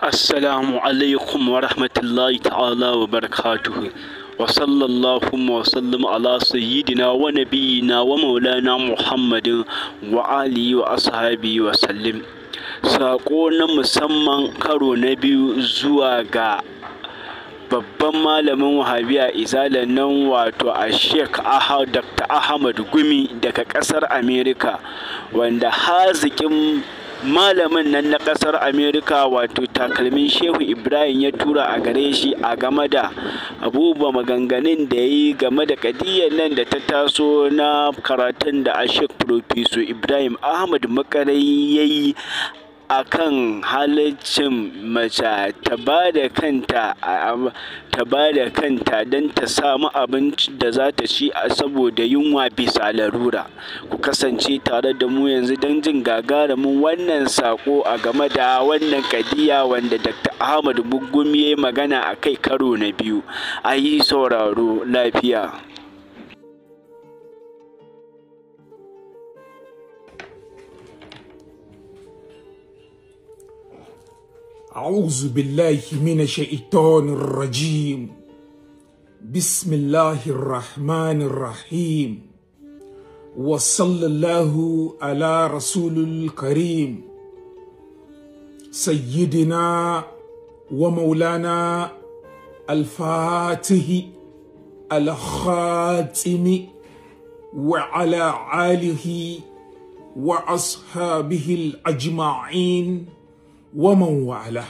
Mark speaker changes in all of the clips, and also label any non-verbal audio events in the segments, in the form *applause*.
Speaker 1: assalamu alaikum wa rahmatullahi ta'ala wa barakatuhu wa sallallahu wa sallam ala sayyidina wa nabiyina wa maulana muhammadin wa alihi wa ashabi wa sallim sako na musamman karo na biyu zuwa ga babban malamin wahabiya izalan nan wato a sheik dr ahmad gumi daga ƙasar amerika wanda hazikin malamin nan na ƙasar amerika wato takalmin shehu ibrahim ya tura a gare shi a game da abubuwa maganganun da ya yi game da kadiyar nan da ta taso na karatun da ashek profeso ibrahim ahmad makarai ya yi a kan halaccin mace ta ba da kanta ta bada kanta don ta samu abincin da za ta ci saboda yunwa bisa larura. Ku kasance tare da mu yanzu don jin gagarumin wannan sako a game da wannan ƙadiya wanda Dr. Ahmad Gungumi ya magana a kai karo na biyu. A yi sauraro lafiya.
Speaker 2: أعوذ بالله من الشيطان الرجيم بسم الله الرحمن الرحيم وصلى الله على رسول الكريم سيدنا ومولانا الفاتح الخاتم وعلى آله وأصحابه الأجمعين ومن وعله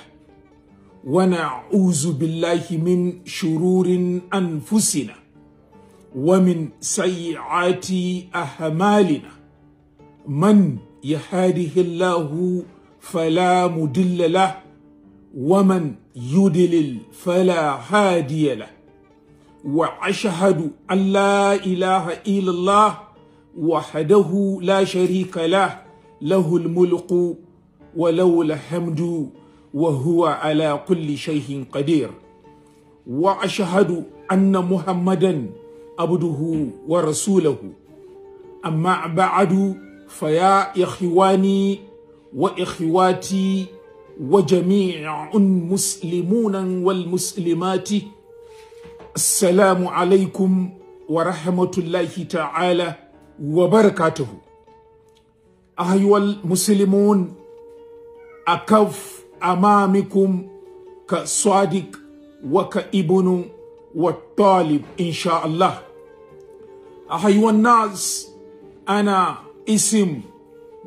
Speaker 2: ونعوذ بالله من شرور أنفسنا ومن سيئات أهمالنا من يهاده الله فلا مدل له ومن يدلل فلا هادي له وأشهد أن لا إله إلا الله وحده لا شريك له له الملك ولولا الحمد وهو على كل شيء قدير واشهد ان محمدا عبده ورسوله اما بعد فيا اخواني واخواتي وجميع المسلمون والمسلمات السلام عليكم ورحمه الله تعالى وبركاته ايها المسلمون a akaf amamikum ka swadik wa ka ibunu wa talib insha Allah. Ahayuwan Naz ana isim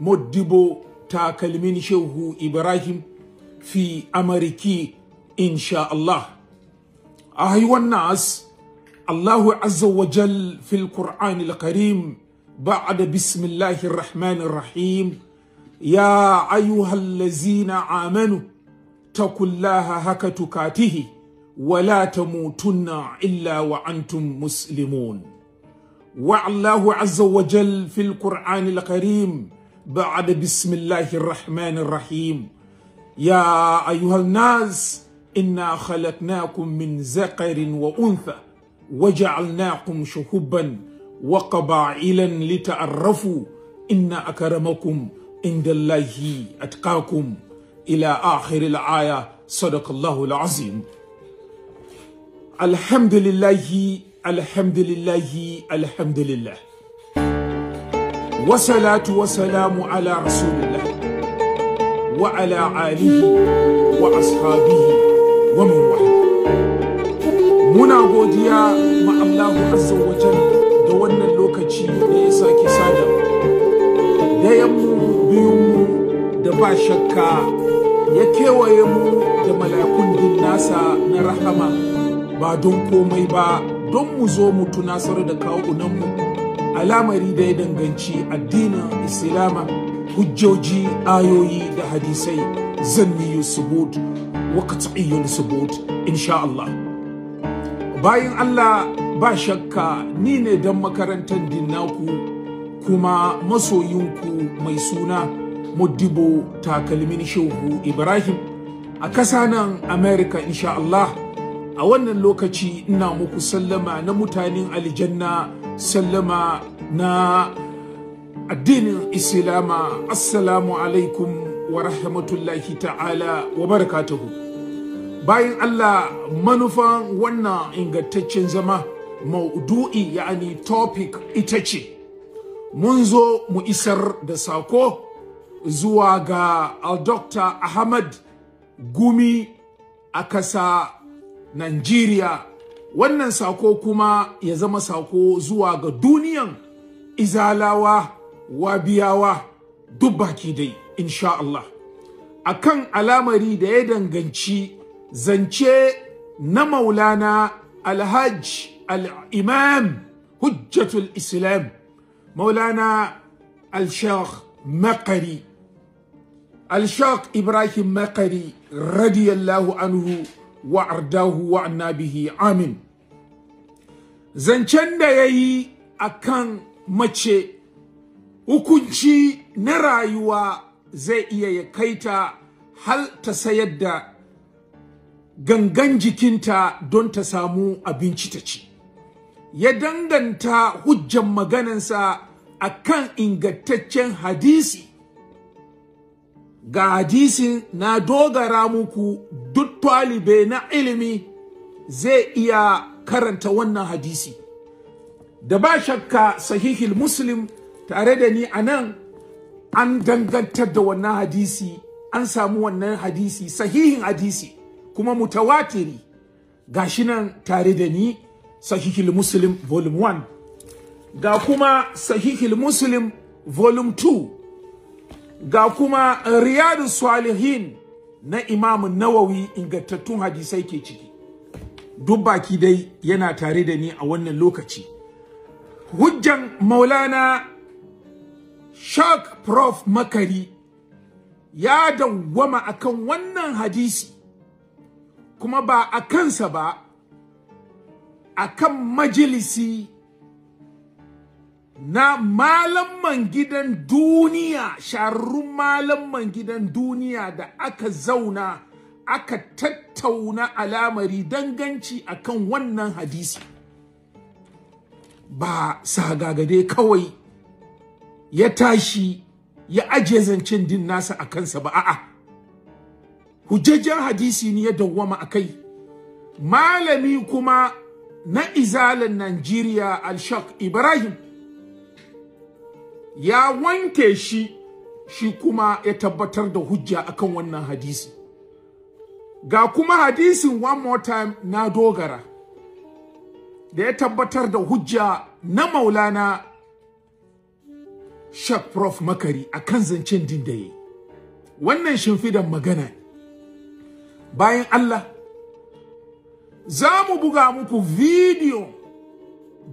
Speaker 2: modibo ta kalmin shehu Ibrahim fi amarki insha'allah a Ahayuwan Naz Allahu Azza wa Jal fil Qur'an al-Karim ba'ada bismillahir rahim. يا أيها الذين آمنوا اتقوا الله حق تقاته ولا تموتن إلا وأنتم مسلمون والله عز وجل في القرآن الكريم بعد بسم الله الرحمن الرحيم يا أيها الناس إنا خلقناكم من ذكر وأنثى وجعلناكم شهبا وقبائلا لتعرفوا إن أكرمكم عند الله أتقاكم إلى آخر الآية صدق الله العظيم الحمد لله الحمد لله الحمد لله والصلاة والسلام على رسول الله وعلى آله وأصحابه ومن والاه muna godiya ma Allahu azza wa da wannan lokaci da ya sake sada dayan mu biyunmu da ba shakka ya kewaye mu da malakun din nasa na rahama ba don komai ba don mu zo mu tunasar da kawunanmu alamari da ya danganci addinin islama hujjoji ayoyi da hadisai zanniyu subut wa qat'iyyun subut insha Allah bayan Allah ba shakka ni ne dan makarantar dinnaku kuma masoyinku mai suna muddibo takalmin shehu ibrahim a ƙasa nan america insha Allah a wannan lokaci ina muku sallama na mutanen aljanna sallama na addinin islama assalamu alaikum wa rahmatullahi ta'ala wa barakatuhu bayan Allah manufan wannan ingantaccen zama maudu'i yani topic ita ce mun zo mu isar da sako zuwa ga Dr. Ahmad Gumi a kasa Nigeria wannan sako kuma ya zama sako zuwa ga duniyan izalawa wabiyawa duk baki dai insha Allah akan alamari da ya danganci zance na Maulana Alhaji Al-Imam Hujjatul Islam مولانا الشيخ مقري الشيخ إبراهيم مقري رضي الله عنه وأرداه وعنا به آمين zancen da ya yi a kan mace hukunci na rayuwa zai iya ya kaita hal ta sayar da gangan jikinta don ta samu abinci ta ci ya danganta hujjan maganansa kan ingantaccen hadisi ga hadisin na dogara muku duk talibe na ilimi zai iya karanta wannan hadisi da ba shakka sahihil muslim tare da ni a nan an dangantar da wannan hadisi an samu wannan hadisi sahihin hadisi kuma mutawatiri ga shi nan tare da ni sahihil muslim volume 1 ga kuma sahihil muslim volume 2 ga kuma riyadu salihin na imam nawawi ingantattun hadisai ke ciki duk baki dai yana tare da ni a wannan lokaci hujjan maulana shak prof makari ya dawwama akan wannan hadisi kuma ba a kansa ba akan majalisi na malaman gidan duniya sharrun malaman gidan duniya da aka zauna aka tattauna alamari danganci akan wannan hadisi ba sa gagade kawai ya tashi ya ajiye zancen din nasa a kansa ba a'a hujjajen hadisi ne ya dawwama kai malami kuma na izalin Najeriya Alshak Ibrahim ya wanke shi shi kuma ya tabbatar da hujja akan wannan hadisi ga kuma hadisin one more time na dogara da ya tabbatar da hujja na maulana Shak Prof Makari akan zancen din da yi wannan shimfidan magana bayan Allah za mu buga muku bidiyo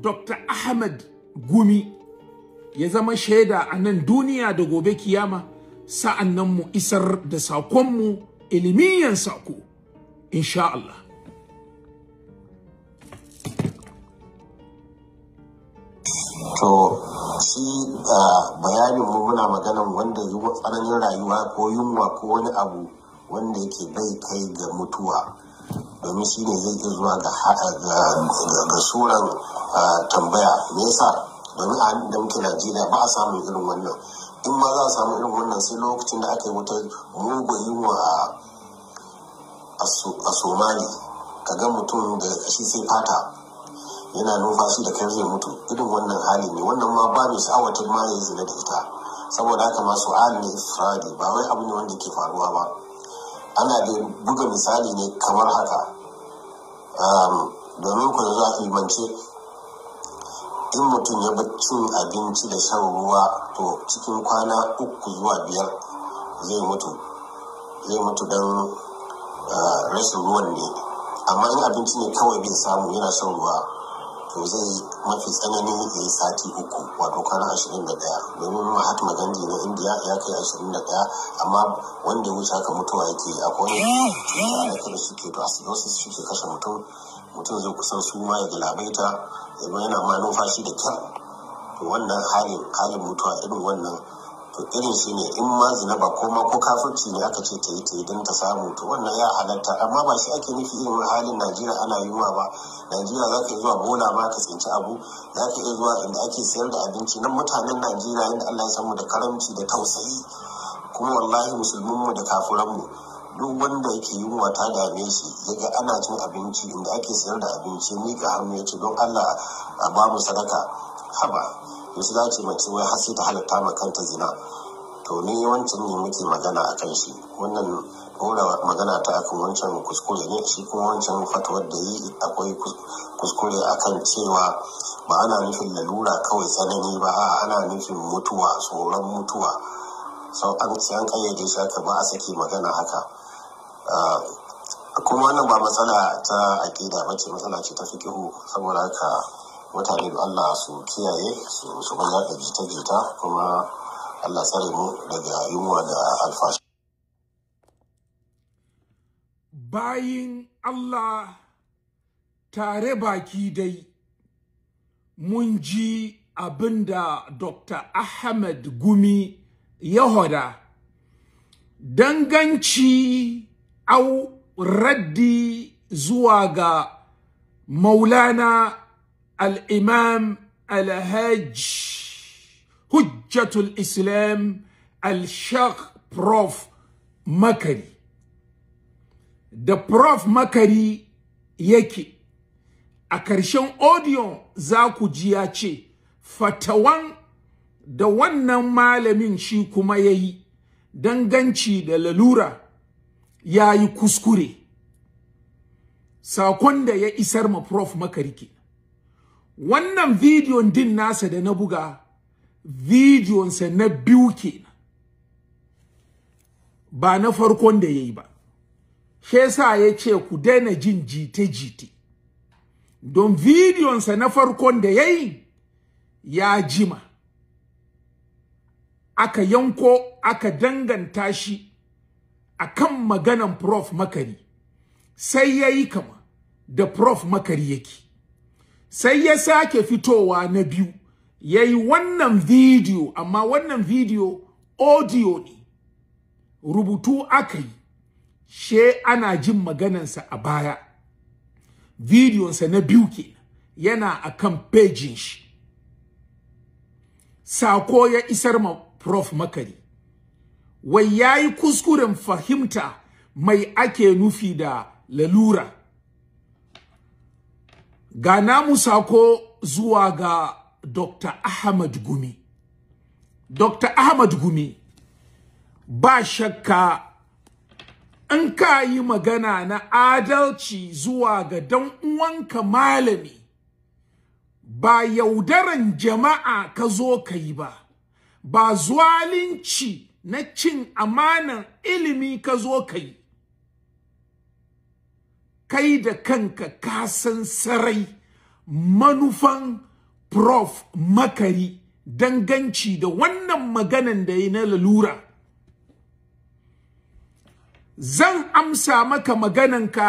Speaker 2: dr ahmed gumi ya zama shaida a nan duniya da gobe kiyama sa'annan mu isar da sakonmu ilimiyan sako insha Allah
Speaker 3: to shi bayanin mu muna maganan wanda yi tsananin rayuwa ko yunwa ko wani abu wanda yake bai kai ga mutuwa domin shi ne zai iya zuwa ga suran tambaya me yasa domin a da muke najeriya ba a samun irin wannan in ma za a samu irin wannan sai lokacin da aka yi wuta mugun wa a somali ka ga mutum da kashi sai fata yana numfashi da kai zai mutu irin wannan hali ne wannan ma ba mai sha'awatar ma ya zina da ita saboda haka masu hali ne ba wai abu ne wanda ke faruwa ba ana da buga misali ne kamar haka domin ku za a ilmance in mutum ya bi cin abinci da shan ruwa to cikin kwana uku zuwa biyar zai mutu zai mutu don ah, rashin ruwan ne amma in abinci ne kawai bai samu yana shan ruwa to zai mafi tsanani ya yi sati uku wato kwana ashirin da daya domin mahatma gandhi na indiya ya kai ashirin da daya amma wanda wuce haka mutuwa yake akwai cuta da suke to acidosis suke kashe mutum mutum zai kusan su ma ya galabaita ya yana ma numfashi da kyau to wannan halin halin mutuwa irin wannan irin su ne in ma zinaba ba ko ma ko kafirci ne aka ce ta yi ta yi don ta samu to wannan ya halatta amma ba shi ake nufi irin halin najeriya ana yiwuwa ba najeriya za ka zuwa bola ma ka tsinci abu za ka iya zuwa inda ake sayar da abinci nan mutanen najeriya inda allah ya samu da karamci da tausayi kuma wallahi musulmin mu da mu duk wanda yake wa ta dame shi yaga ana cin abinci inda ake sayar da abinci ka hannu ya ce don allah a ba mu sadaka haba yanzu za ce mace wai har sai ta halatta ma kanta zina to ni wancan ne muke magana a kan shi wannan hura magana ta akan wancan kuskure ne shi kuma wancan fatwar da yi akwai kuskure a kan cewa ba ana nufin lalura kawai tsanani ba a ana nufin mutuwa tsoron mutuwa sau an ci an kayyade shi aka ba a saki magana haka kuma wannan ba matsala ta aƙida ba ce matsala ce ta fikihu saboda haka mutane da Allah su kiyaye su ban yaɗa jita-jita kuma Allah tsare mu daga yunwa da alfashi
Speaker 2: bayin Allah tare baki dai mun ji abinda Dr. Ahmed Gumi ya hoda danganci au raddi zuwa ga Maulana al-Imam al-Hajj islam al shaq prof makari da prof makari yake a ƙarshen audio za ku ji ya ce fatawan da wannan malamin shi kuma ya yi danganci da lalura ya yi kuskure sakon da ya isar ma prof makari ke wannan bidiyon din nasa da na buga bidiyonsa na biyu kenan ba na farkon da ya yi ba she yasa ya ce ku daina jin jite-jite don vidiyonsa na farkon da ya yi ya jima aka yanko aka danganta shi akan maganan prof makari sai ya yi kama da prof makari yake sai ya sake fitowa na biyu yayi wannan video amma wannan video audio ne rubutu akai she ana jin maganansa a baya Vidiyonsa na biyu ke yana akan pejin shi sako ya isar ma prof makari wai yayi kuskuren fahimta mai ake nufi da lalura ga namu sako zuwa ga Dr. Ahmad Gumi. Dr. Ahmad Gumi ba shakka in ka yi magana na adalci zuwa ga dan uwanka malami ba yaudaran jama'a ka zo ka yi ba ba zalunci na cin amanan ilimi ka zo ka yi kai da kanka ka san sarai manufan prof makari danganci da wannan maganan da ya na lalura zan amsa maka magananka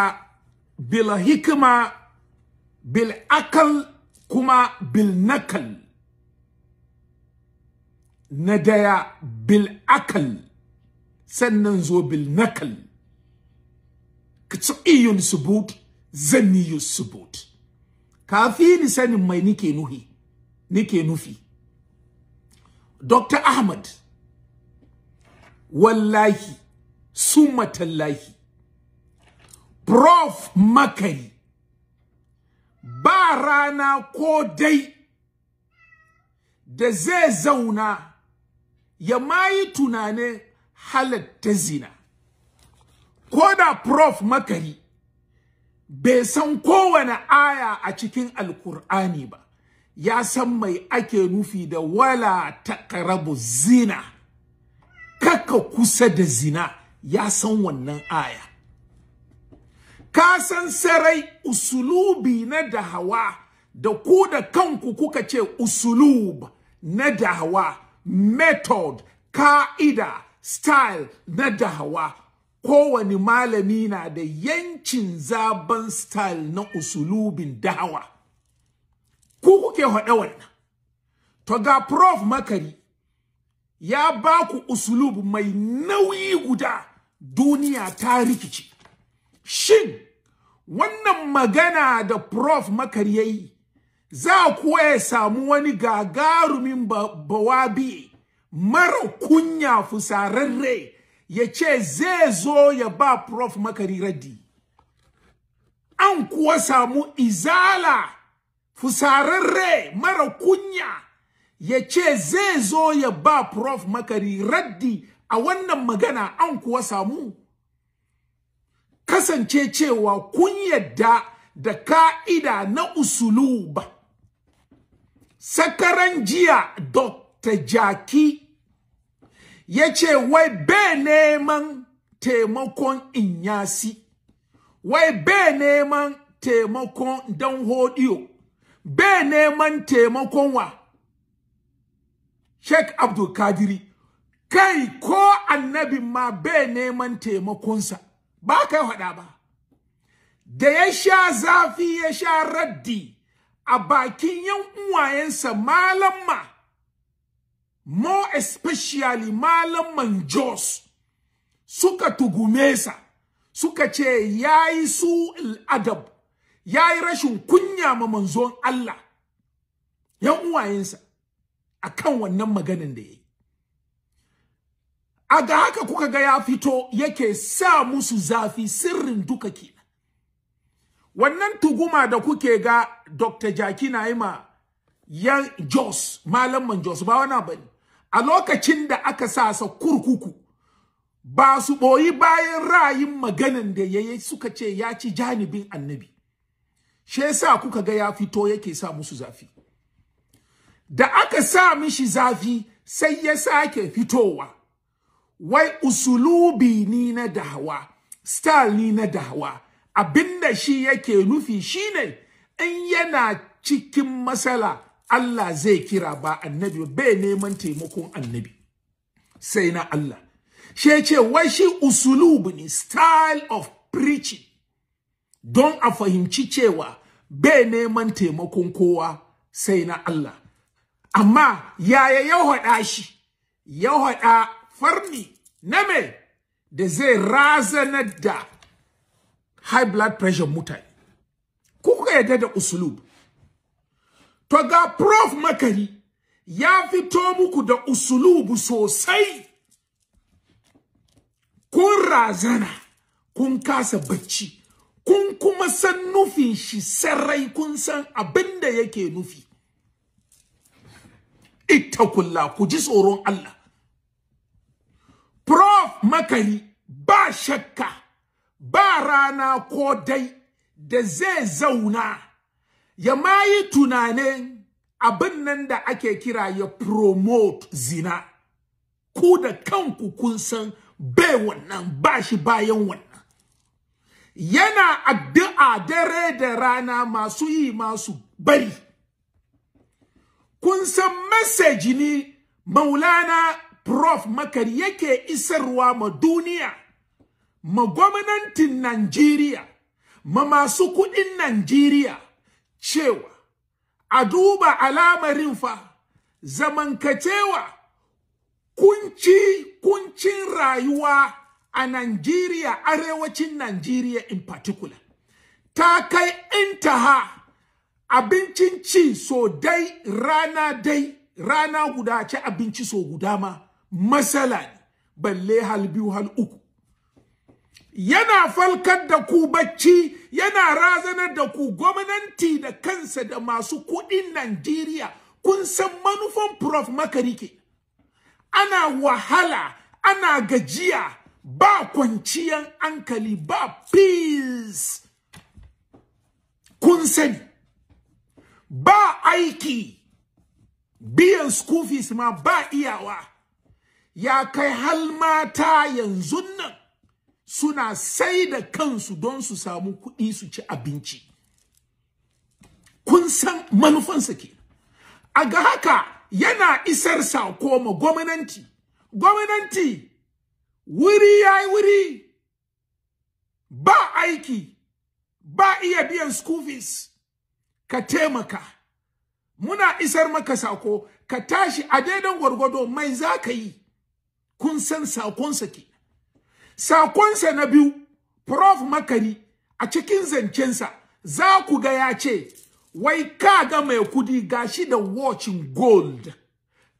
Speaker 2: bil hikima bil akal kuma bil nakal na daya bil akal sannan zo bil nakal iyon subut yi subut kafi ni sanin mai nike nuhi nike nufi Dr. Ahmad wallahi summa tallahi Prof Makari ba rana ko dai da zai zauna ya mayi tunanin halatta zina ko da prof makari bai san kowane aya a cikin alkur'ani ba ya san mai ake nufi da wala taqrabu zina kaka kusa da zina ya san wannan aya ka san sarai usulubi na dahawa da ku da kanku kuka ce usulub na dahawa method ka'ida style na dahawa kowane malami na da yancin zaben style na usulubin dahawa ku kuke haɗa wannan to ga prof makari ya ba ku usulub mai nauyi guda duniya ta rikici shin wannan magana da prof makari yayi za kuwa ya samu wani gagarumin bawabi mara kunya fusararre ya ce zai zo ya ba prof makari raddi an kuwa samu izala fusararre mara kunya ya ce zai zo ya ba prof makari raddi a wannan magana an kuwa samu kasance cewa kun yadda da ka'ida na usuluba sakaran jiya dr jaki ya ce wai bai neman taimakon inyasi wai bai neman taimakon dan hodiyo be neman taimakon wa Sheikh Abdul Kadiri kai ko annabi ma bai neman taimakonsa ba kai hada ba da ya sha zafi ya sha raddi a bakin yan uwayensa malamma more especially malamman Jos suka tugume sa suka ce yayi su adab Ya yi rashin kunya ma manzon Allah yan uwayensa akan wannan maganan da yayi a ga haka kuka ga ya fito yake sa musu zafi sirrin duka kenan wannan tuguma da kuke ga Dr. Jaki na yi yan Jos malaman Jos ba wani bane a lokacin da aka sa sa kurkuku ba su boyi bayan ra'ayin maganan da yayi suka ce ya ci janibin annabi shi yasa kuka ga ya fito yake sa musu zafi da aka sa mishi zafi sai ya sake fitowa wai usulubi ni na dahawa style ni na dahawa abinda shi yake nufi shine in yana cikin matsala Allah zai kira ba annabi bai neman taimakon annabi sai na Allah shi ce wai shi usulubi ne style of preaching don a fahimci cewa be neman taimakon kowa sai na Allah amma yaya ya hada shi ya hada farni na me da zai razanar da high blood pressure mutane kuka yadda da usulub to ga prof makari ya fito muku da usulubu sosai kun razana kun kasa bacci kun kuma san nufin shi sarai kun san abin da yake nufi ittaqulla ku ji tsoron Allah prof makari ba shakka ba rana ko dai da zai zauna ya mayi tunanin abin nan da ake kira ya promote zina ku da kanku kun san bai wannan ba shi bayan wannan yana addu'a dare da rana masu yi masu bari kun san message ni maulana prof Makar yake isarwa ma duniya ma gwamnatin Najeriya ma masu kudin Najeriya cewa a duba alamarin fa zamankacewa kunci kuncin rayuwa a Najeriya, arewacin Najeriya in particular, ta kai intaha abincin ci so dai rana dai rana guda ci abinci so guda ma matsala ne balle hal biyu hal uku yana falkar da ku bacci yana razanar da ku gwamnati da kansa da masu kuɗin Najeriya kun san manufan prof makarike ana wahala ana gajiya ba kwanciyan ankali ba peace kun sani ba aiki biyan school fees ma ba iyawa ya kai hal mata yanzu nan suna sai da kansu don su samu kuɗi su ci abinci kun san manufansa ke a ga haka yana isar sako ma gwamnati gwamnati wuri ya yi wuri ba aiki ba iya biyan school fees ka taimaka muna isar maka sako ka tashi a daidan gwargwado mai za ka yi kun san sakonsa ke sakonsa na biyu prof makari a cikin zancensa za ku ga ya ce wai ka ga mai kudi gashi da watching gold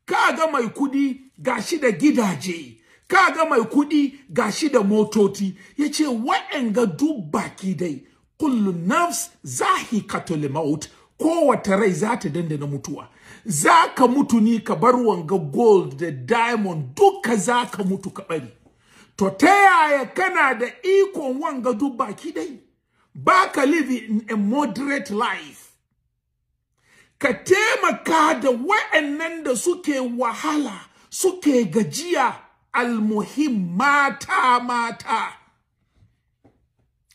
Speaker 2: ka ga mai kudi gashi da gidaje kaga mai kudi shi da motoci yace wa'anga duk baki dai kullu nafs katul maut kowace rai za ta dandana mutuwa za ka mutu ni ka bar wanga gold da diamond duka za ka mutu ka bari to ta yaya kana da ikon wanga duk baki dai baka live in a moderate life ka taimaka da wa'annan da suke wahala suke gajiya almuhim mata mata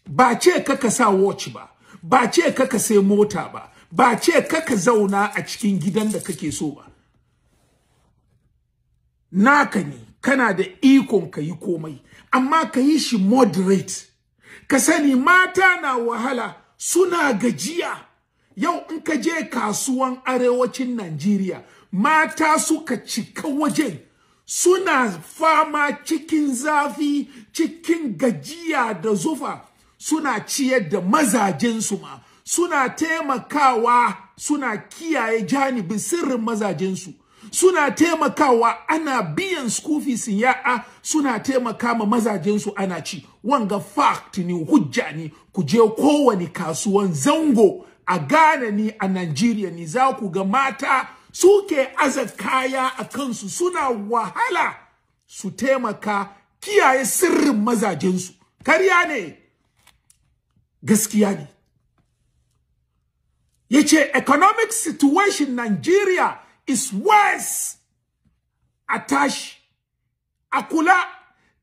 Speaker 2: ba ce kaka sa watch ba ba ce kaka sai mota ba ba ce kaka zauna a cikin gidan da kake so ba naka ne kana da ikon ka yi komai amma ka yi shi moderate ka sani mata na wahala suna gajiya yau in ka je kasuwan arewacin Najeriya mata suka cika wajen suna fama cikin zafi cikin gajiya da zufa suna ciyar da mazajensu ma suna taimakawa suna kiyaye janibin sirrin mazajensu suna taimakawa ana biyan school ya'a suna taimaka mazajensu ana ci wanga fact ne hujja ne ku je kowane kasuwan zango a Ghana ni a Nigeria ni za ku ga mata suke aza kaya a kansu suna wahala su taimaka kiyaye sirrin mazajensu karya ne gaskiya ne Ya ce economic situation Nigeria is worse a tashi a kula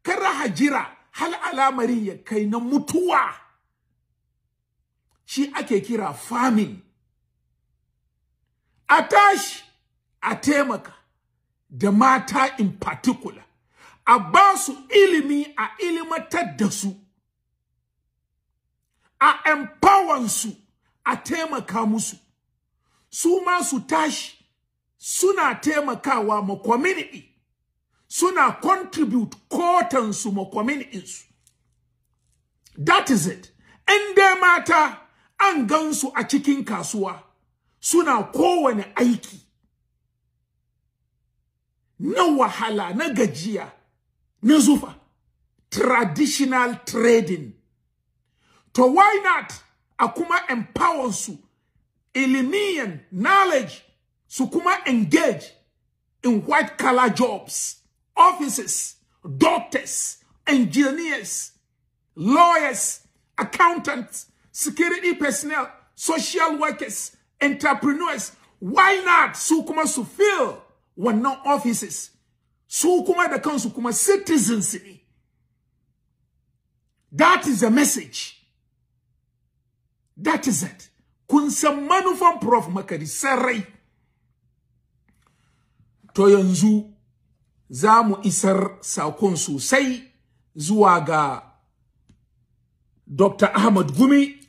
Speaker 2: kara hajira hal alamari ya kai na mutuwa shi ake kira famine a tashi a taimaka da mata in particular a ba su ilimi a ilimatar da su a empower su a taimaka musu su ma su tashi suna taimakawa ma community suna contribute kotansu ma community su that is it in dai mata an gansu a cikin kasuwa suna kowane aiki na wahala na gajiya na zufa traditional trading to why not a kuma empower su ilimiyan knowledge su kuma engage in white collar jobs offices doctors engineers lawyers accountants security personnel social workers entrepreneurs why not su kuma su fill wannan offices su kuma da kansu kuma citizens ne that is the message that is it kun san manufan prof makari sarrai to yanzu za mu isar sakon sosai zuwa ga Dr. Ahmad Gumi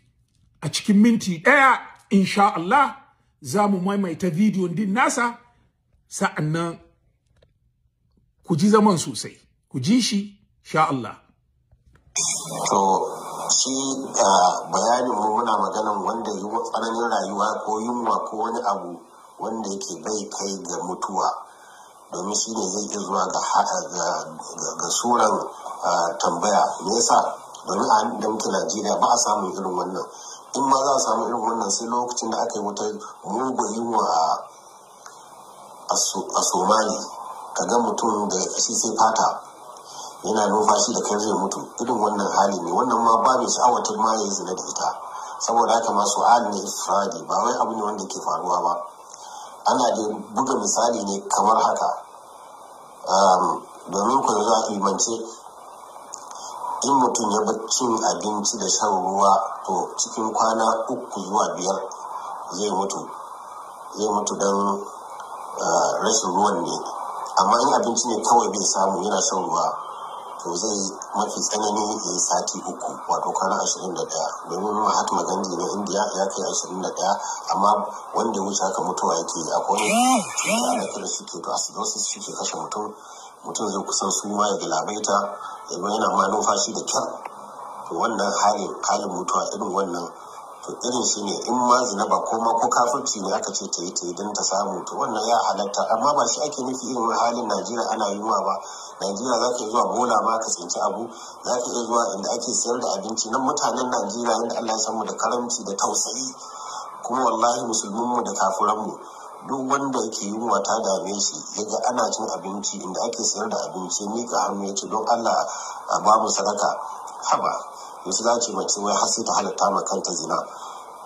Speaker 2: a cikin minti ɗaya insha Allah za mu maimaita bidiyon din nasa sa'annan ku ji zaman sosai ku ji shi sha Allah
Speaker 3: to shi bayanin mu muna maganan wanda yi tsananin rayuwa ko yunwa ko wani abu wanda yake bai kai ga mutuwa domin shi ne zai zuwa ga suran tambaya me yasa domin a da muke Najeriya ba a samun irin wannan in ma za a samu irin wannan sai lokacin da aka yi wata mugun yiwuwa a somali Ka ga mutum da ya fi sai fata yana numfashi da kan zai mutu irin wannan hali ne wannan ma ba mai sha'awatar ma ya yi zina da ita saboda haka masu hali ne ifradi ba wai abu ne wanda ke faruwa ba ana da buga misali ne kamar haka domin ku yanzu a imance in mutum ya bar cin abinci da shan ruwa to cikin kwana uku zuwa biyar zai mutu zai mutu don eh, rashin ruwan ne amma in abinci ne kawai bai samu yana shan ruwa to zai mafi tsanani ya yi sati uku wato kwana ashirin da daya domin mahatma gandhi na indiya ya kai ashirin da daya amma wanda ya wuce haka mutuwa yake akwai wani cuta da suke to asidosis suke kashe mutum mutum zai kusan suma ya galabaita ya zama yana ma numfashi da kyar to wannan halin halin mutuwa irin wannan to irin shi ne in ma zina ba ma ko kafirci ne aka ce ta yi ta yi don ta samu to wannan ya halatta amma ba shi ake nufi irin halin najeriya ana yi ba najeriya za ka iya zuwa bola ma ka tsinci abu za ka iya zuwa inda ake sayar da abinci nan mutanen najeriya inda allah ya mu da karamci da tausayi kuma wallahi musulmin mu da kafuran mu duk wanda yake yunwa ta dame shi yaga ana cin abinci inda ake sayar da abinci mika hannu ya ce don allah a babu sadaka haba yanzu za ce mace wai har ta halatta ma kanta zina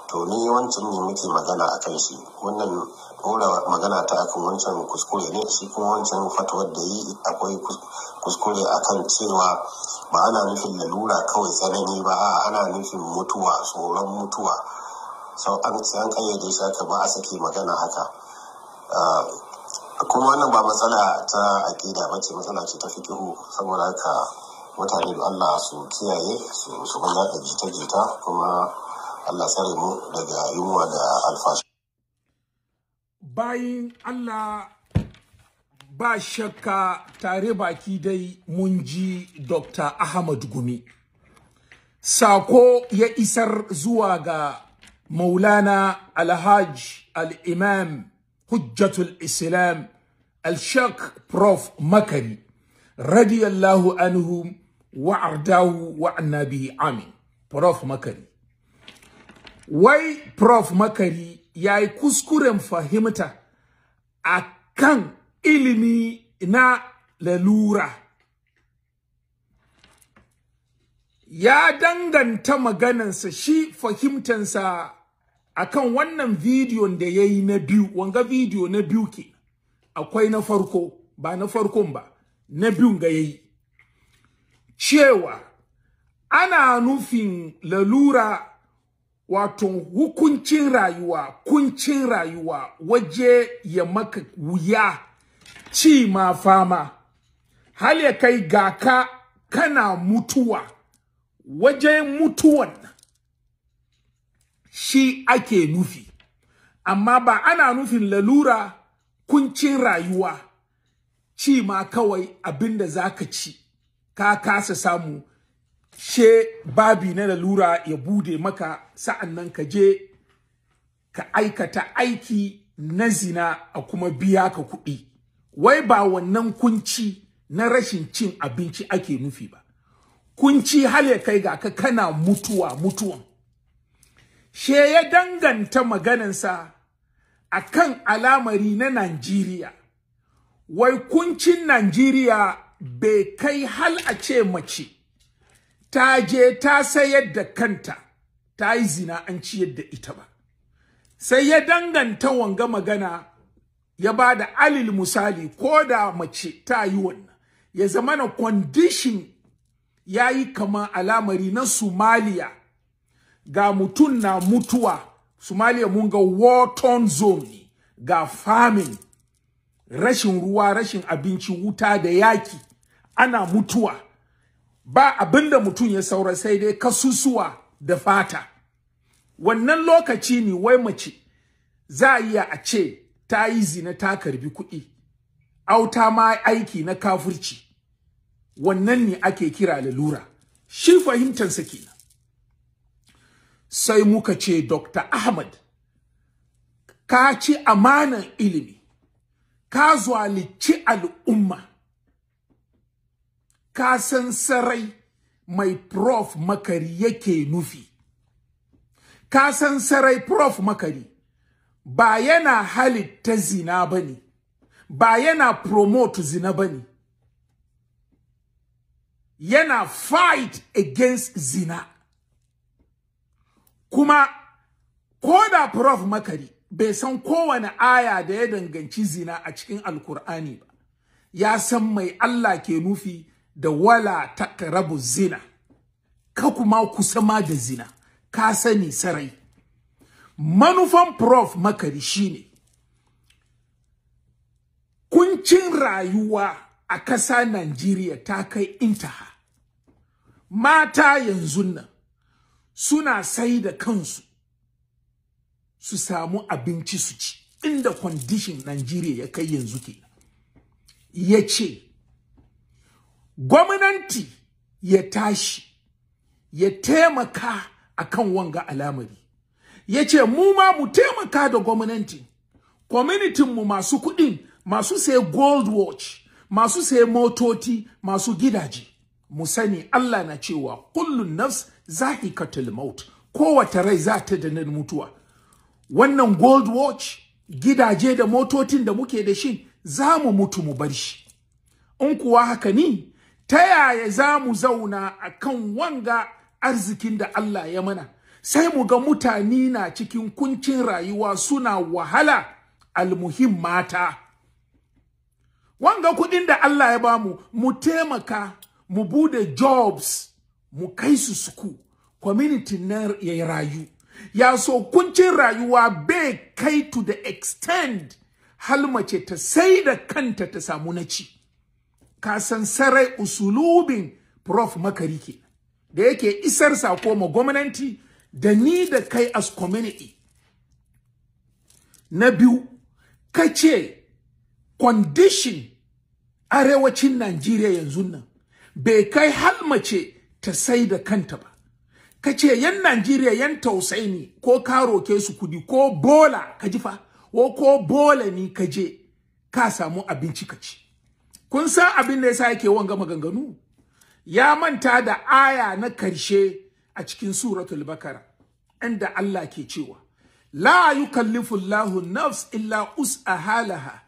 Speaker 3: to ni yawancin ne muke magana a kan shi wannan ɗora magana ta akan wancan kuskure ne shi kuma wancan fatuwar da yi akwai kuskure akan cewa ba ana nufin lalura kawai tsanani ba ana nufin mutuwa tsoron mutuwa sau an kayyade shi ba a sake magana haka Ah, kuma wannan ba matsala ta aƙida ba ce matsala ce ta fikihu saboda haka mutane da Allah su kiyaye su su ban yaɗa jita-jita kuma Allah tsare mu daga yunwa da
Speaker 2: alfashi. Bayin Allah ba shakka tare baki dai mun ji Dr. Ahmad Gumi. Sako ya isar zuwa ga Maulana Alhaj Al-Imam hujjatul islam al-shak prof makari radiyallahu anhu wa ardahu wa annabi amin prof makari wai prof makari ya yi kuskuren fahimta a kan ilimi na lalura ya danganta maganansa shi fahimtansa akan wannan bidiyon da ya yi na biyu wanga bidiyo na biyu ke akwai na farko ba na farkon ba na biyun ga ya yi cewa ana nufin lalura wato hukuncin rayuwa kuncin rayuwa waje ya maka wuya ci ma fama hal ya kai gaka kana mutuwa waje mutuwan shi ake nufi amma ba ana nufin lalura kuncin rayuwa ci ma kawai abinda ka ci ka kasa samu she babi na lalura ya bude maka sa'annan ka je ka aikata aiki na zina a kuma biya ka kuɗi wai ba wannan kunci na rashin cin abinci ake nufi ba kunci hal ya kai ga ka kana mutuwa mutuwan she ya danganta maganansa a kan alamari na Najeriya. Wai kuncin Najeriya bai kai hal a ce mace, ta je ta sayar da kanta, ta yi zina an ciyar da ita ba. Sai ya danganta wanga magana ya ba da alil misali ko da mace ta yi wannan, ya zama na kwandishin ya yi kama alamari na Somalia. ga mutum na mutuwa Somalia mun ga war torn zone ne ga famine rashin ruwa rashin abinci wuta da yaki ana mutuwa ba abinda mutum ya saura sai dai kasusuwa da fata wannan lokaci ne wai mace za a iya a ce ta yi zina ta karbi kuɗi auta ma aiki na kafurci wannan ne ake kira lalura shi fahimtansa kenan sai muka ce Dr. Ahmad ka ci amanan ilimi ka zalici al'umma ka san sarai mai prof makari yake nufi ka san sarai prof makari ba yana halitta zina bane ba yana promote zina bane yana fight against zina kuma ko da prof makari bai san kowane aya da ya danganci zina a cikin alkur'ani ba ya san mai Allah ke nufi da wala takrabu zina ka kuma kusa ma da zina ka sani sarai manufan prof makari shine kuncin rayuwa a ƙasa Najeriya ta kai intaha mata yanzu nan suna sai da kansu su samu abinci su ci inda condition nigeria ya kai yanzu ke ya ce gwamnati ya tashi ya taimaka akan wanga alamari ya ce mu ma mu taimaka da gwamnati community mu masu kudin masu sai gold watch masu sai motoci masu gidaje mu sani Allah na cewa kullun nafs zahikatul maut kowace rai za ta da mutuwa wannan gold watch gidaje da motocin da muke da shi za mu mutu mu bar shi in kuwa haka ni ta yaya za mu zauna a kan wanga arzikin da Allah ya mana sai mu ga mutane na cikin kuncin rayuwa suna wahala almuhim mata wanga kudin da Allah ya bamu mu taimaka mu bude jobs mu kai su suku community na ya rayu ya so kuncin rayuwa bai kai to the extent halmace ta sai da kanta ta samu na ci ka san sarai usulubin prof makari ke da yake isar sako ma gwamnati da ni da kai as community na biyu kace condition arewacin Najeriya yanzu nan bai kai halmace ta sai da kanta ba ka ce yan Najeriya yan tausayi ne ko ka roke su kudi ko bola ka ji fa ko ko bola ni ka je ka samu abinci ka ci kun san abin da yasa yake wanga maganganu ya manta da aya na karshe a cikin suratul bakara inda Allah ke cewa la yukallifu Allahu nafs illa us'ahalaha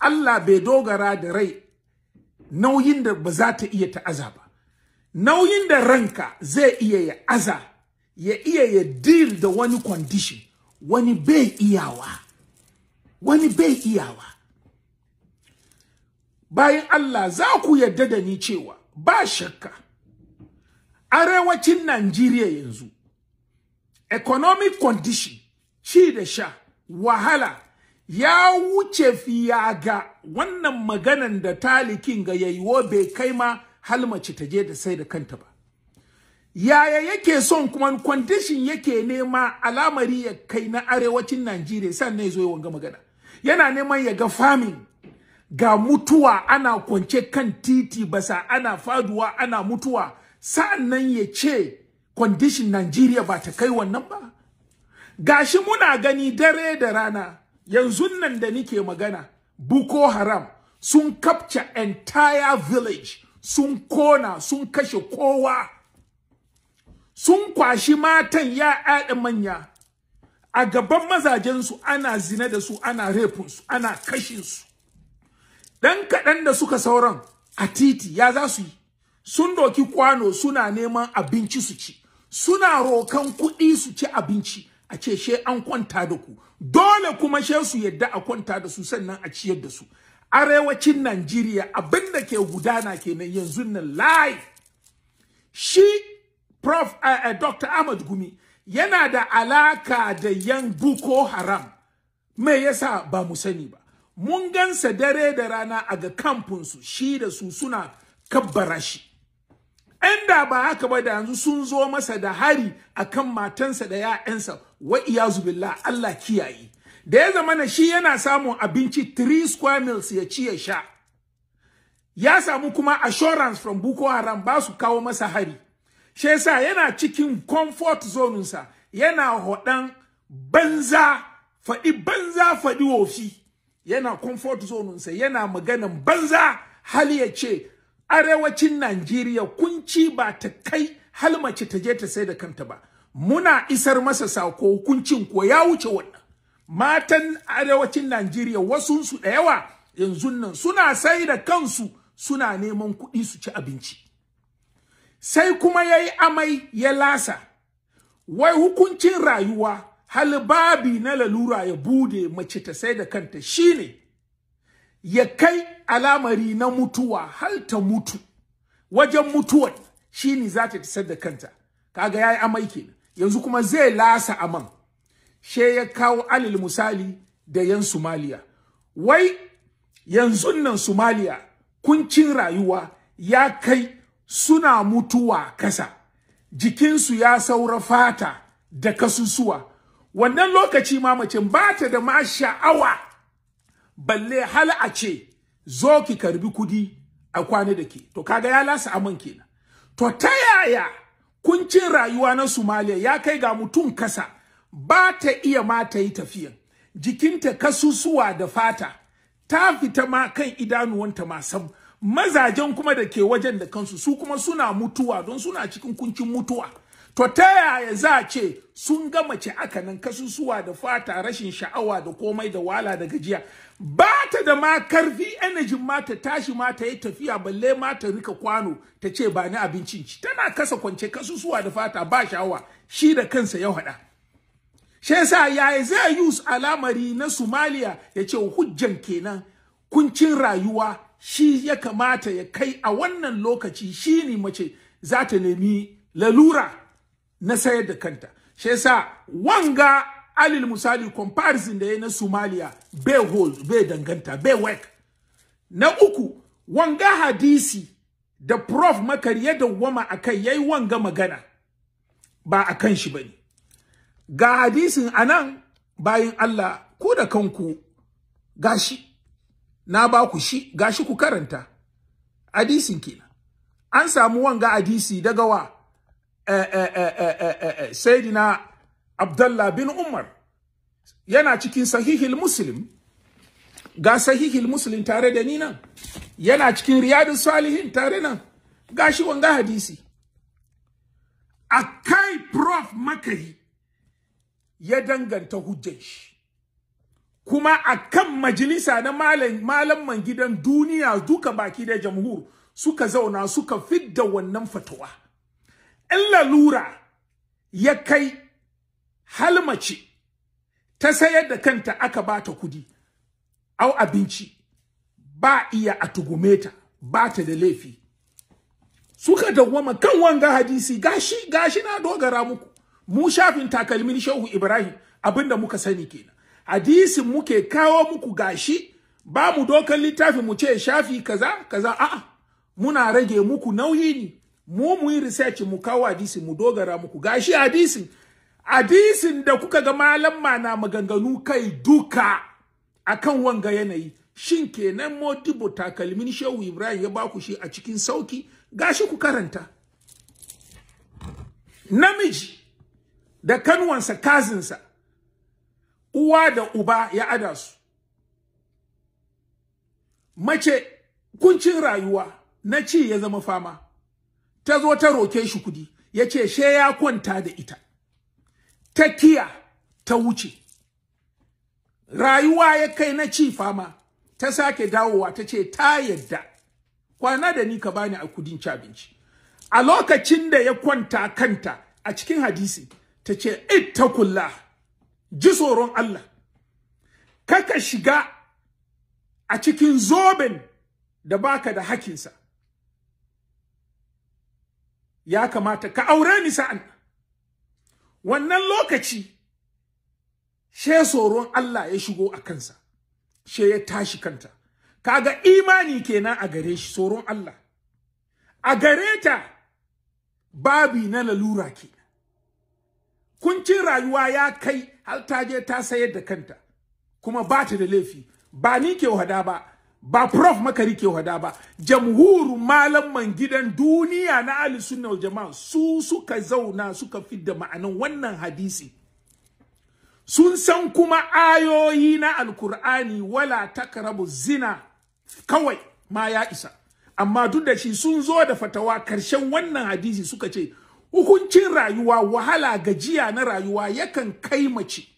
Speaker 2: Allah bai dogara da rai nauyin da ba za ta iya ta'aza ba nauyin da ranka zai iya ya aza ya iya ya deal da wani condition wani bai iyawa wani bai iyawa bayan Allah za ku yarda da ni cewa ba shakka arewacin Najeriya yanzu economic condition shi da sha wahala ya wuce fiya ga wannan maganan da talikin ga yayiwo bai kai ma mace ta je da sai da kanta ba yaya yake son kuma condition yake nema alamari ya kai na arewacin Najeriya san ya zo ya wanga magana yana neman ya ga famin ga mutuwa ana kwance kan titi basa ana faduwa ana mutuwa sa'annan ya ce condition Najeriya ba ta kai wannan ba gashi muna gani dare da rana yanzu nan da nike magana Boko Haram sun capture entire village sun kona sun kashe kowa sun kwashi matan ya manya a gaban mazajensu ana zina da su ana refinsu ana kashinsu ɗan kaɗan da suka sauran a titi ya za su yi sun doki kwano suna neman abinci su ci suna rokan kuɗi su ci abinci a ce she an kwanta da ku dole kuma she su yadda a kwanta da su sannan a ciyar da su arewacin Najeriya abinda ke gudana kenan yanzu nan live shi prof uh, eh, uh, eh, Dr. Ahmad Gumi yana da alaka da yan Boko Haram me yasa ba mu sani ba mun gansa dare da rana a ga kampun su shi da su suna kabbara shi inda ba haka ba da yanzu sun zo masa da hari akan matansa da 'ya'yansa wa iyazu billah Allah kiyaye da ya zamana shi yana samun abinci 3 square meals ya ci ya sha ya samu kuma assurance from Boko Haram ba su kawo masa hari shi yasa yana cikin comfort zone sa yana hodan banza faɗi banza faɗi wofi yana comfort zone sa yana maganan banza hali ya ce arewacin Najeriya kunci ba ta kai halmace ta je ta sai da kanta ba muna isar masa sako hukuncin ko ya wuce wannan matan arewacin Najeriya wasunsu da yawa yanzu nan suna sai da kansu suna neman kuɗi su ci abinci. Sai kuma ya yi amai ya lasa, wai hukuncin rayuwa Babu na lalura ya bude mace ta sai da kanta shine ya kai alamari na mutuwa hal ta mutu wajen mutuwar shine zata ta tisar da kanta kaga yayi amai kenan yanzu kuma zai lasa aman she ya kawo alil misali da yan Somalia wai yanzu nan Somalia kuncin rayuwa ya kai suna mutuwa kasa jikin su ya saura fata da kasusuwa wannan lokaci ma mace ba ta da ma sha'awa balle hal a ce zo ki karbi kudi a kwana da ke to kaga ya lasa aman kenan to ta yaya kuncin rayuwa na Somalia ya kai ga mutum kasa ba ta iya ma ta yi tafiyan jikinta kasusuwa da fata ta fita ma kan idanuwanta ma mazajen kuma da ke wajen da kansu su kuma suna mutuwa don suna cikin kuncin mutuwa to ta yaya za a ce sun ga mace aka nan kasusuwa da fata rashin sha'awa da komai da wala da gajiya ba ta da ma karfi energy ma ta tashi ma ta yi tafiya balle ma ta rika kwano ta ce ba ni abincin ci tana kasa kwance kasusuwa da fata ba sha'awa shi da kansa ya haɗa shi yasa yayi zai use alamari na Somalia ya ce hujjan kenan kuncin rayuwa shi ya kamata ya kai a wannan lokaci shi ne mace za ta nemi lalura na sayar da kanta shi yasa wanga alil misali comparison da ya na Somalia bai hold bai danganta bai work na uku wanga hadisi da prof makar ya dawwama akai yayi wanga magana ba akan shi bane ga hadisin a nan bayan Allah ku da kanku gashi na ba ku shi gashi ku karanta hadisin kenan an samu wanga hadisi daga wa eh, eh, eh, sayyidina Abdullah bin Umar yana cikin sahihil Muslim ga sahihil Muslim tare da ni nan yana cikin riyadus salihin tare nan gashi wanga hadisi akai prof makahi ya danganta hujjar shi kuma kan majalisa na malaman gidan duniya duka baki da jamhur suka zauna suka fidda wannan fatawa in lalura ya kai halmace ta sayar da kanta aka ba ta kudi au abinci ba iya a tugume ta ba ta da laifi suka dawwama kan wanga hadisi gashi gashi na dogara muku mu shafin takalmin shehu ibrahim abinda muka sani kenan hadisin muke kawo muku gashi ba mu dokan littafi mu ce shafi kaza kaza a'a muna rage muku nauyi ne mu mu yi research mu kawo hadisin mu dogara muku gashi hadisin hadisin da kuka ga malamma na maganganu kai duka akan wanga yanayi shin kenan modibo takalmin shehu ibrahim ya baku shi a cikin sauki gashi ku karanta namiji da kanwansa kazinsa uwa da uba ya ada su mace kuncin rayuwa na ci ya zama fama ta zo ta roke shi kudi ya ce she ya kwanta da ita ta kiya ta wuce rayuwa ya kai na ci fama ta sake dawowa ta ce ta yadda kwana da ni ka bani a kudin cabinci a lokacin da ya kwanta kanta a cikin hadisi ta ce ittakullah ji tsoron Allah kaka shiga a cikin zoben da baka da hakinsa ya kamata ka aure ni sa'an wannan lokaci she tsoron Allah ya shigo a kansa she ya tashi kanta kaga imani kenan a gare shi tsoron Allah a gare ta babi na lalura ke kuncin rayuwa ya kai har ta je ta sayar da kanta kuma ba ta da laifi ba ni ke wada ba ba prof makari ke wada ba jamhuru malaman gidan duniya na ali sunna wal jama'a su suka zauna suka fidda ma'anan wannan hadisi sun san kuma ayoyi na alkur'ani wala takrabu zina kawai ma ya isa amma duk da shi sun zo da fatawa karshen wannan hadisi suka ce hukuncin rayuwa wahala gajiya na rayuwa yakan kai mace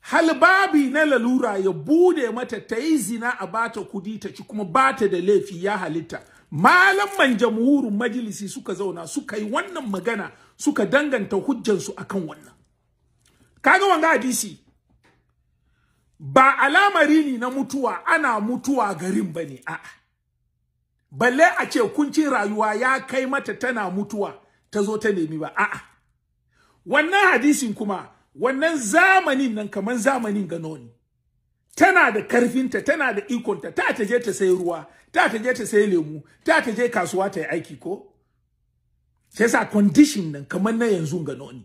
Speaker 2: halbabi na lalura ya bude mata ta yi zina a bata kudi ta ci kuma bata da laifi ya halitta malaman jamhurin majalisi suka zauna suka yi wannan magana suka danganta hujjansu akan wannan kaga wanga hadisi ba alamari ne na mutuwa ana mutuwa garin bane a'a balle a ce kuncin rayuwa ya kai mata tana mutuwa ta zo ta nemi ba a'a wannan hadisin kuma wannan zamanin nan kaman zamanin ganoni tana da karfinta tana da ikonta ta ta je ta sai ruwa ta ta je ta sai lemu ta ta je kasuwa ta yi aiki ko sai sa condition nan kamar na yanzu ganoni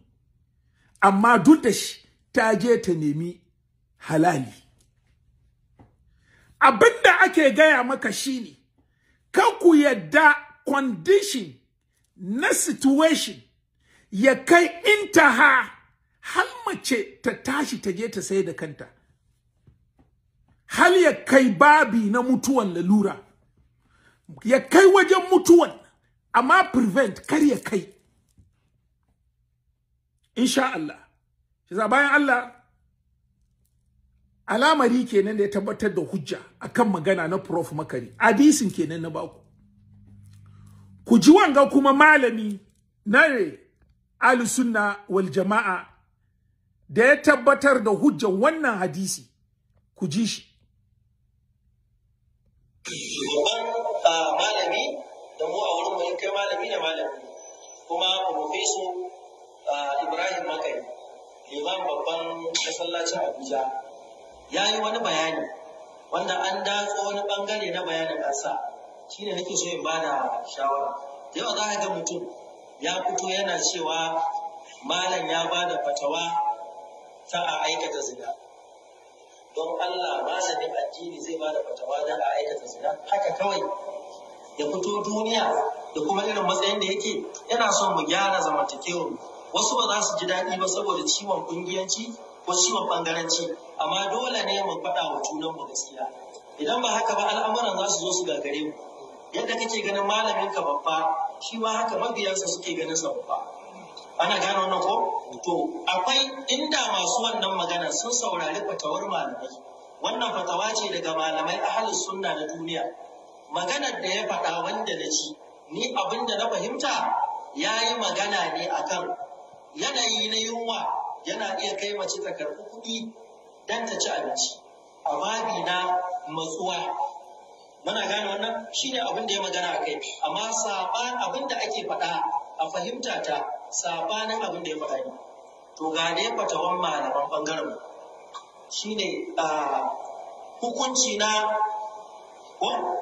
Speaker 2: amma duk da shi ta je ta nemi halali abinda ake gaya maka shine kan ku yadda condition na situation ya kai intaha har mace ta tashi ta je ta sai da kanta hal ya kai babi na mutuwan lalura ya kai wajen mutuwan amma prevent kar ya kai insha Allah shi bayan Allah alamari kenan da ya tabbatar da hujja akan magana na prof makari hadisin kenan na baku ku ji wanga kuma malami na sunna wal jama'a da ya tabbatar da hujjar wannan hadisi ku ji shi
Speaker 4: ah, malami da mu a wurin kai malami da malami kuma profeso ah, ibrahim makari liman babban masallacin abuja ya yi wani bayani wanda an datso wani bangare na bayanin ƙasa shine nake so in bada shawara yau za ga mutum ya fito yana cewa malam ya bada fatawa ta a aikata zina don Allah malamin addini zai bada fatawa da a aikata zina haka kawai ya fito duniya da kuma irin matsayin da yake yana son mu gyara zamantakewar wasu ba za su ji daɗi ba saboda ciwon kungiyanci ko ciwon bangaranci amma dole ne mu faɗa wa junanmu gaskiya idan ba haka ba al'amuran za su zo su gagare mu yadda kake ganin malamin ka babba shi ma haka mabiyansa suke ganin sa babba ana gane wannan ko to akwai inda masu wannan magana sun saurari fatawar malamai wannan fatawa ce daga malamai ahlus sunna na duniya maganar da ya faɗa wanda na ci ni abin da na fahimta ya yi magana ne akan yanayi na yunwa yana iya kai mace ta karɓi kuɗi don ta ci abinci a babi na matsuwa muna gane wannan shine abin da ya magana a kai amma saban abin da ake faɗa a fahimta ta sabanin abin da ya faɗa ne to ga da ya wan malaman bangaren mu a hukunci na ko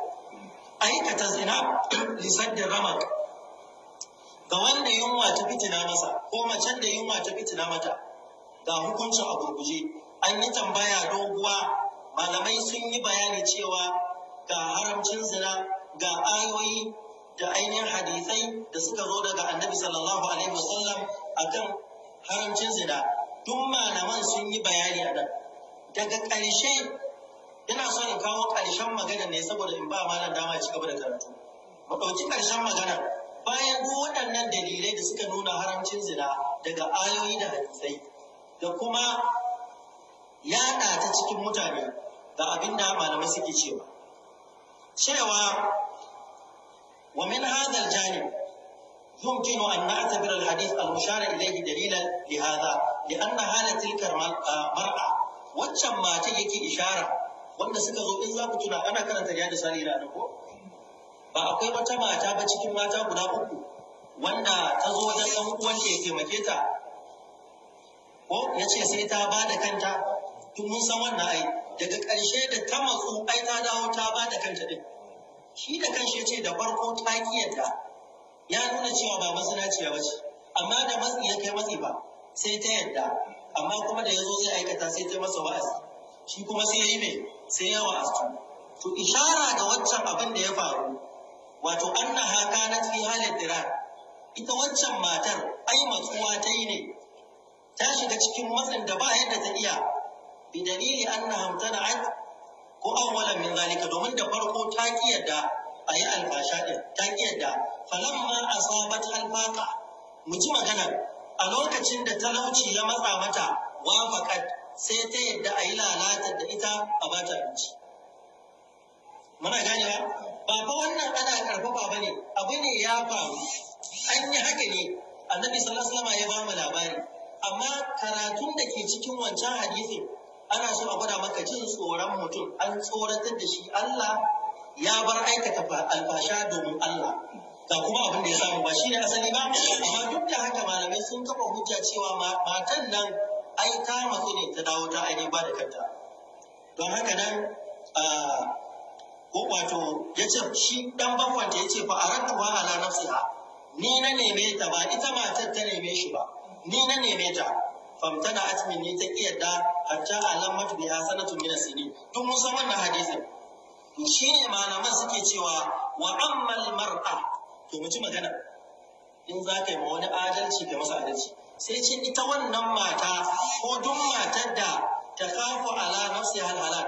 Speaker 4: aikata zina *clears throat* da rama ga wanda yunwa ta fitina masa ko macen da yunwa ta fitina mata ga hukuncin a gurguje an yi tambaya doguwa malamai sun yi bayani cewa ga haramcin zina ga ayoyi da ainihin hadisai da suka zo daga annabi sallallahu alaihi wasallam akan haramcin zina duk malaman sun yi bayani a nan daga ƙarshe ina so in kawo ƙarshen magana ne saboda in ba malam dama ya ci gaba da karatu mu ƙarshen magana bayan duk waɗannan dalilai da suka nuna haramcin zina daga ayoyi da hadisai da kuma ya ta cikin mutane ga abin da malamai suke cewa cewa wa min hadha al-janib يمكن أن نعتبر الحديث المشار إليه دليلا لهذا لأن حالة تلك المرأة waccan mata yake ishara wanda suka zo in za ku tuna ana karanta ya da salira da ko ba akwai wata mata ba cikin mata guda uku wanda ta zo wajen ɗan uwanta ya taimake ta ko ya ce sai ta bada kanta tun mun san wannan ai daga ƙarshe da ta matsu ai ta dawo ta ba da kanta din shi da kanshi ce da farko ta kiyata ya nuna cewa ba masanaciya ba ce amma da matsi ya kai matsi ba sai ta yadda amma kuma da ya zo sai aikata sai ta masa wa'azi shi kuma sai ya yi mai sai ya wa'azi to ishara ga waccan abin da ya faru wato annaha kanat fi halin dirar ita waccan matar ai matsuwa ta yi ne ta shiga cikin matsin da ba yadda ta iya bi dalili annahum tana'at ko awwalan min zalika domin da farko ta kiyarda a yi alfasha din ta falamma asabat alfaqa mu ji magana a lokacin da talauci ya matsa mata wafaqat sai ta yadda a yi da ita a bata abinci muna ganewa ba fa wannan ana karfafa bane abu ne ya faru an yi haka ne annabi sallallahu alaihi wasallam ya ba mu labari amma karatun da ke cikin wancan hadisin ana so a gwada maka cin tsoron mutum an tsoratar da shi Allah ya bar aikata alfasha domin Allah ga kuma abin da ya samu ba shi ne asali ba amma duk da haka malamai sun kafa hujja cewa matan nan ai ta masu ne ta dawo ta ainihin ba da kanta don haka nan ko wato ya ce shi dan bakwanta ya ce fa arantuha ala nafsiha ni na neme ta ba ita matar ta neme shi ba ni na neme ta famtana cikin ne ta iya kiyarda hatta alamatu ya sanatun min asini duk mun san wannan hadisin Shi ne malaman suke cewa wa ammal mar'a to mu ci magana in za ka yi ma wani adalci ga masu adalci sai ce ita wannan mata ko duk matar da ta kafu ala nafsi hal Ta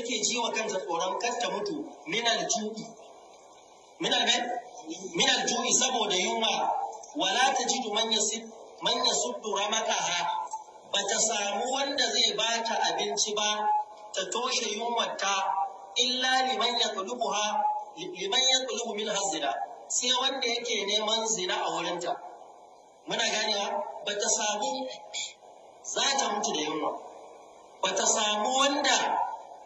Speaker 4: take ji wa kanta tsoron kar mutu minal ju'i saboda yunwa wala tajidu man yasib man yasuddu ba ta samu wanda zai ba ta abinci ba ta toshe yunwata illa liman yaqlubuha liman yaqlubu min hazina sai wanda yake neman zina a wurinta muna ganewa ta samu za ta mutu da yunwa Ba ta samu wanda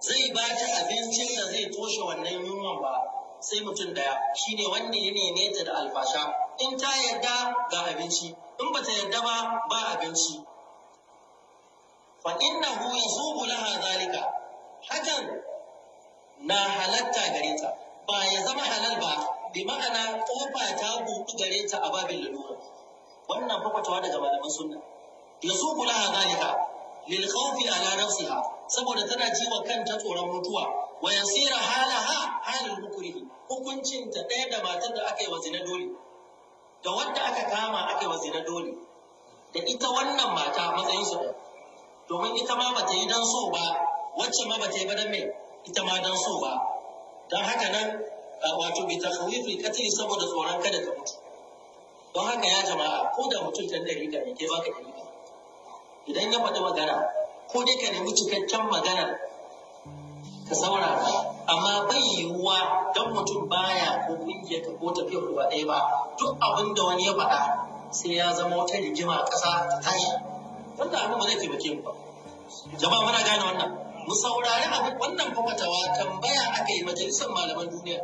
Speaker 4: zai ba ta abincin da zai toshe wannan yunwan ba sai mutum daya shine wanda ya neme ta da alfasha in ta yarda ga abinci in bata yarda ba ba abinci fa innahu yazubu laha zalika hakan na halatta gare ta ba ya zama halal ba bi ma'ana kofa ta buɗu gare ta a babin lalura wannan fakwatawa daga malaman sunna yazubu laha zalika lil khawfi ala nafsiha saboda tana jiwa kanta tsoron mutuwa wa yasira halaha halin mukrihi hukuncin ta ɗaya da matar da aka yi wa zina dole da wanda aka kama aka yi wazina dole da ita wannan mata matsayin su domin ita ma bata yi dan so ba wacce ma bata yi ba dan me ita ma dan so ba dan haka nan wato bi takhawifil qatl saboda tsoron kada ta mutu don haka ya jama'a ko da mutum da dari da ke baka dari idan ya faɗi magana ko dai ka nemi cikakken magana ka saurara amma bai yiwuwa don mutum baya ko kungiyar ka ko tafiyar ku ba ɗaya ba duk abin da wani ya faɗa sai ya zama wata rigima ƙasa ta tashi wanda abin ba zai taimake mu ba jama'a muna gane wannan mu saurari abin wannan fafatawa tambaya aka yi majalisar malaman duniya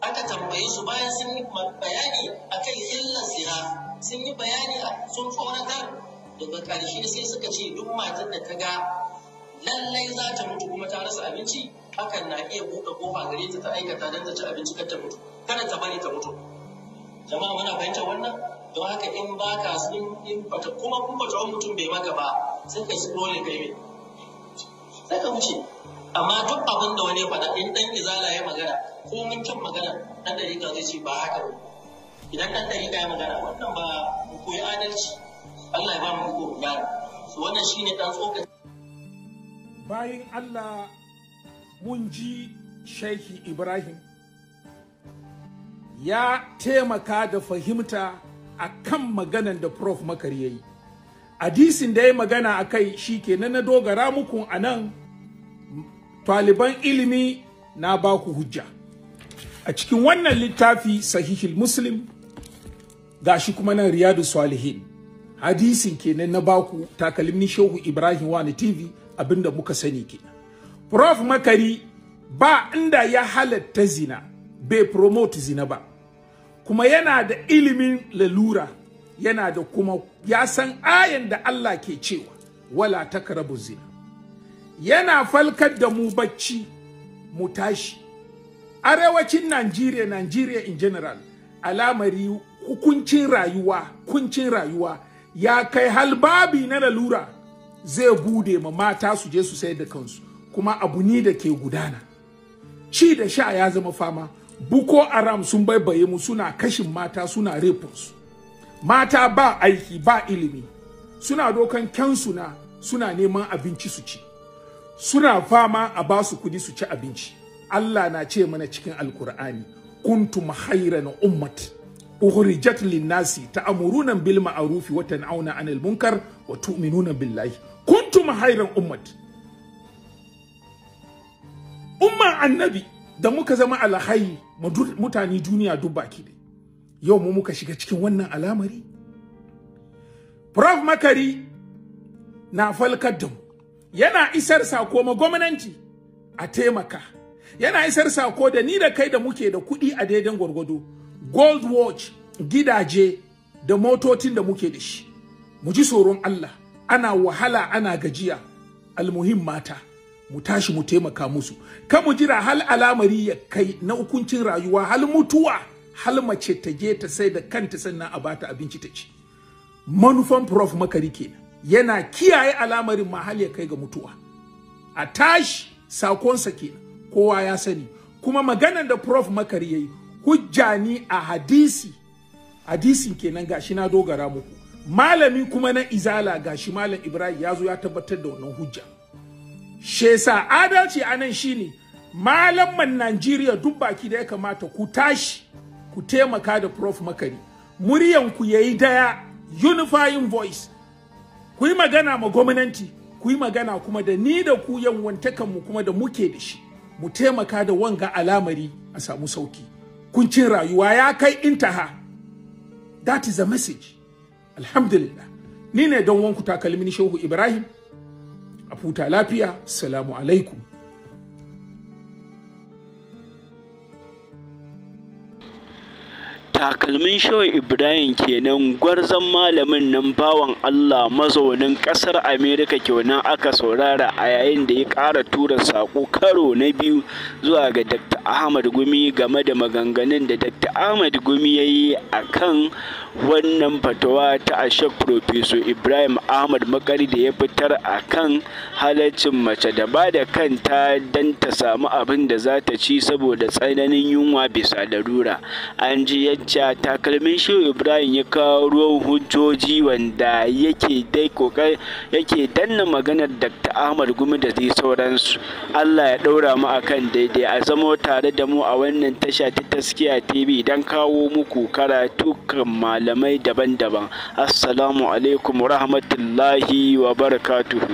Speaker 4: aka tambaye su bayan sun yi bayani a kan illar zina sun yi bayani a sun tsoratar daga ƙarshe sai suka ce duk matan da ta ga lallai za ta mutu kuma ta rasa abinci hakan na iya buɗe kofa gare ta ta aikata don ta ci abinci kar ta mutu kada ta bari ta mutu jama'a muna fahimtar wannan don haka in ba ka sun in bata kuma kun bata wani mutum bai maka ba sai ka shi dole kai mai sai ka wuce amma duk abin da wani faɗa in ɗan izala ya magana ko mun kyan magana ɗan ka zai ce ba haka ba idan ɗan ka yi magana wannan ba ku koyi adalci Allah ya ba mu ko gyara wannan shine ɗan tsokaci
Speaker 2: bayan Allah mun ji Sheikh Ibrahim ya taimaka da fahimta a kan maganan da Prof Makari ya yi. Hadisin da ya magana a kai shi kenan na dogara muku a nan taliban ilimi na baku hujja. A cikin wannan littafi sahihil Muslim shi kuma nan Riyadu Salihin. Hadisin kenan na baku takalmin Shehu Ibrahim Wani TV abin da muka sani ke. prof makari ba inda ya halatta zina bai promote zina ba kuma yana da ilimin lalura yana da kuma ya san ayan da Allah ke cewa wala takrabu zina yana falkar da mu bacci mu tashi arewacin Najeriya Najeriya in general alamari hukuncin rayuwa kuncin rayuwa ya kai halbabi na lalura zai bude ma mata su je su sayar da kansu kuma abu ni da ke gudana ci da sha ya zama fama buko aram sun baibaye mu suna kashin mata suna su mata ba aiki ba ilimi suna dokan kyansu na suna neman abinci su ci suna fama a ba su kudi su ci abinci Allah na ce mana cikin alkur'ani kuntum khairan ummat uhrijat lin-nasi ta'muruna bil ma'ruf wa tan'auna 'anil munkar wa tu'minuna billahi kuntu mahairan ummat umma annabi da muka zama alhayi mutane duniya duk baki ne yau mu muka shiga cikin wannan alamari prof makari na falkar da mu yana isar sako ma gwamnati a taimaka yana isar sako da ni da kai da muke da kuɗi a daidan gwargwado gold watch gidaje da motocin da muke da shi mu ji tsoron Allah ana wahala ana gajiya almuhim mata mu tashi mu taimaka musu kan mu jira hal alamari ya kai na hukuncin rayuwa hal mutuwa hal mace ta je ta sai da kanta sannan a bata abinci ta ci manufan prof makari kenan yana kiyaye alamarin mahal ya kai ga mutuwa a tashi sakonsa kenan kowa ya sani kuma maganan da prof makari yayi hujja ni a hadisi hadisin kenan gashi na dogara muku malami kuma na izala gashi malam ibrahim ya zo ya tabbatar da wannan hujja shesa adalci a nan shine malaman najeriya duk baki da ya kamata ku tashi ku taimaka da prof makari muryanku ya yi daya unifying voice ku yi magana ma gwamnati ku yi magana kuma da ni da ku mu kuma da muke da shi mu taimaka da wanga alamari a samu sauki kuncin rayuwa ya kai intaha that is a message alhamdulillah ni ne don wanku takalmin shehu ibrahim a futa lafiya salamu alaikum
Speaker 1: takalmin shehu ibrahim kenan gwarzon malamin nan bawan allah mazaunin kasar america kenan aka saurara a yayin da ya kara tura sako karo na biyu zuwa ga dr ahmad gumi game da maganganun da dr ahmad gumi ya yi a kan wannan fatawa ta ashek Profeso Ibrahim Ahmad Makari da ya fitar a kan halaccin mace da ba da kanta don ta samu abin da za ta ci saboda tsananin yunwa bisa larura. An ji yacca takalmin shi Ibrahim ya kawo ruwan hujjoji wanda yake dai yake danna maganar Dr. Ahmad Gumi da dai sauransu. Allah ya ɗaura mu akan daidai a zamo tare da mu a wannan tasha ta taskiya TV don kawo muku karatu kan malam. malamai daban-daban assalamu alaikum rahmatullahi wa barakatuhu